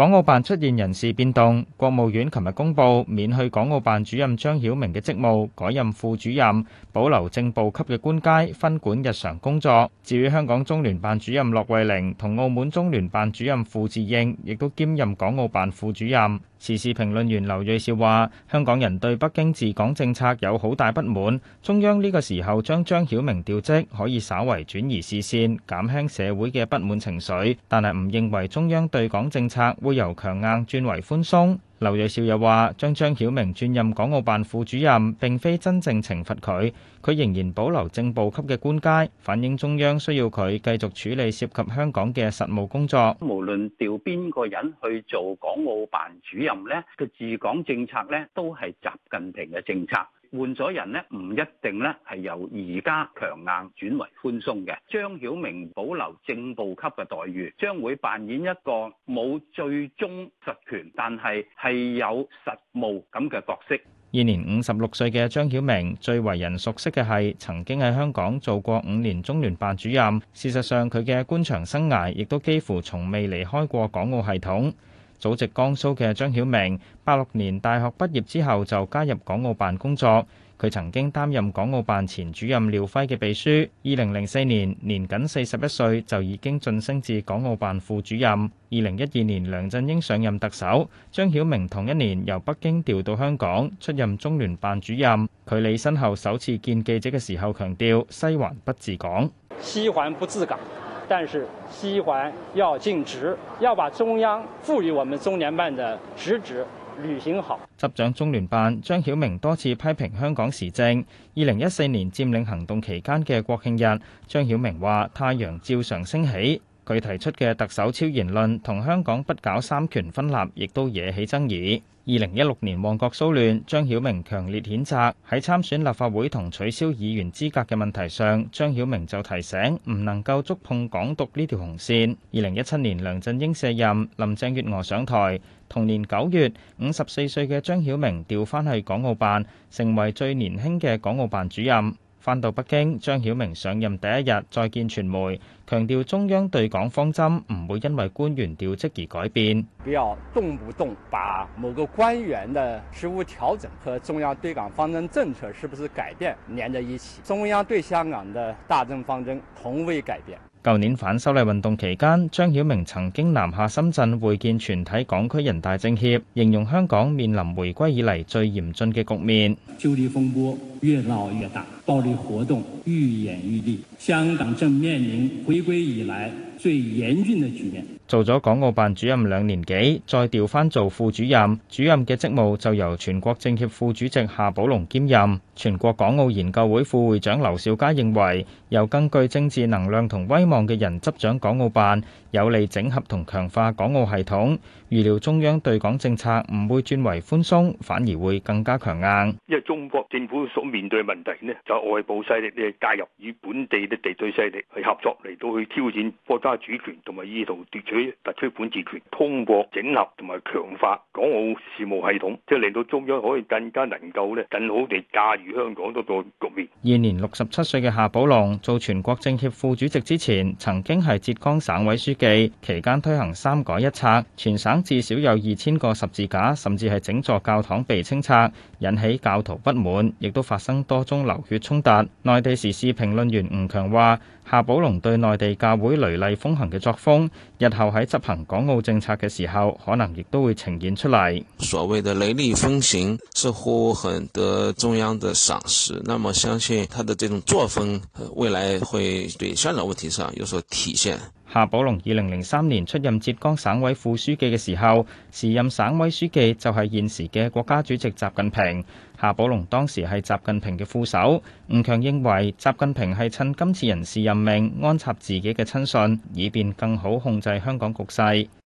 港澳辦出現人事變動，國務院琴日公佈免去港澳辦主任張曉明嘅職務，改任副主任，保留正部級嘅官階，分管日常工作。至於香港中聯辦主任駱惠寧同澳門中聯辦主任傅自應，亦都兼任港澳辦副主任。時事評論員劉瑞兆話，香港人對北京治港政策有好大不滿，中央呢個時候將張曉明調職，可以稍為轉移視線，減輕社會嘅不滿情緒。但係唔認為中央對港政策會由強硬轉為寬鬆。劉銳紹又話：將張，張曉明轉任港澳辦副主任，並非真正懲罰佢，佢仍然保留正部級嘅官階，反映中央需要佢繼續處理涉及香港嘅實務工作。無論調邊個人去做港澳辦主任呢，佢嘅治港政策呢都係習近平嘅政策。換咗人呢，唔一定呢係由而家強硬轉為寬鬆嘅。張曉明保留正部級嘅待遇，將會扮演一個冇最終實權，但係係有實務咁嘅角色。現年五十六歲嘅張曉明，最為人熟悉嘅係曾經喺香港做過五年中聯辦主任。事實上，佢嘅官場生涯亦都幾乎從未離開過港澳系統。祖籍江蘇嘅張曉明，八六年大學畢業之後就加入港澳辦工作。佢曾經擔任港澳辦前主任廖輝嘅秘書。二零零四年年僅四十一歲就已經晉升至港澳辦副主任。二零一二年梁振英上任特首，張曉明同一年由北京調到香港出任中聯辦主任。佢離身履新後首次見記者嘅時候，強調西環不治港。西環不治港。但是西環要盡職，要把中央賦予我們中聯辦的職責履行好。執掌中聯辦，張曉明多次批評香港時政。二零一四年占領行動期間嘅國慶日，張曉明話太陽照常升起。佢提出嘅特首超然論同香港不搞三權分立，亦都惹起爭議。二零一六年旺角騷亂，張曉明強烈譴責。喺參選立法會同取消議員資格嘅問題上，張曉明就提醒唔能夠觸碰港獨呢條紅線。二零一七年梁振英卸任，林鄭月娥上台，同年九月，五十四歲嘅張曉明調返去港澳辦成為最年輕嘅港澳辦主任。翻到北京，張曉明上任第一日再見傳媒，強調中央對港方針唔會因為官員調職而改變。不要動不動把某個官員的職務調整和中央對港方針政策是不是改變連在一起，中央對香港的大政方針同未改變。舊年反修例運動期間，張曉明曾經南下深圳會見全體港區人大政協，形容香港面臨回歸以來最嚴峻嘅局面。修例風波越鬧越大，暴力活動愈演愈烈，香港正面臨回歸以來最嚴峻的局面。做咗港澳辦主任兩年幾，再調翻做副主任，主任嘅職務就由全國政協副主席夏寶龍兼任。全國港澳研究會副會長劉兆佳認為，由更具政治能量同威望嘅人執掌港澳辦，有利整合同強化港澳系統。預料中央對港政策唔會轉為寬鬆，反而會更加強硬。因為中國政府所面對問題呢，就外部勢力嘅介入與本地的地區勢力去合作嚟到去挑戰國家。加主權同埋意圖奪取特區管治權，通過整合同埋強化港澳事務系統，即係令到中央可以更加能夠咧，更好地駕馭香港嗰個局面。現年六十七歲嘅夏寶龍做全國政協副主席之前，曾經係浙江省委書記期間推行三改一拆，全省至少有二千個十字架，甚至係整座教堂被清拆，引起教徒不滿，亦都發生多宗流血衝突。內地時事評論員吳強話。夏寶龍對內地教會雷厲風行嘅作風，日後喺執行港澳政策嘅時候，可能亦都會呈現出嚟。所謂嘅雷厲風行，似乎很得中央嘅賞識，那麼相信他的這種作風，未來會對香港問題上有所體現。夏寶龍二零零三年出任浙江省委副書記嘅時候，時任省委書記就係現時嘅國家主席習近平。夏寶龍當時係習近平嘅副手。吳強認為，習近平係趁今次人事任命安插自己嘅親信，以便更好控制香港局勢。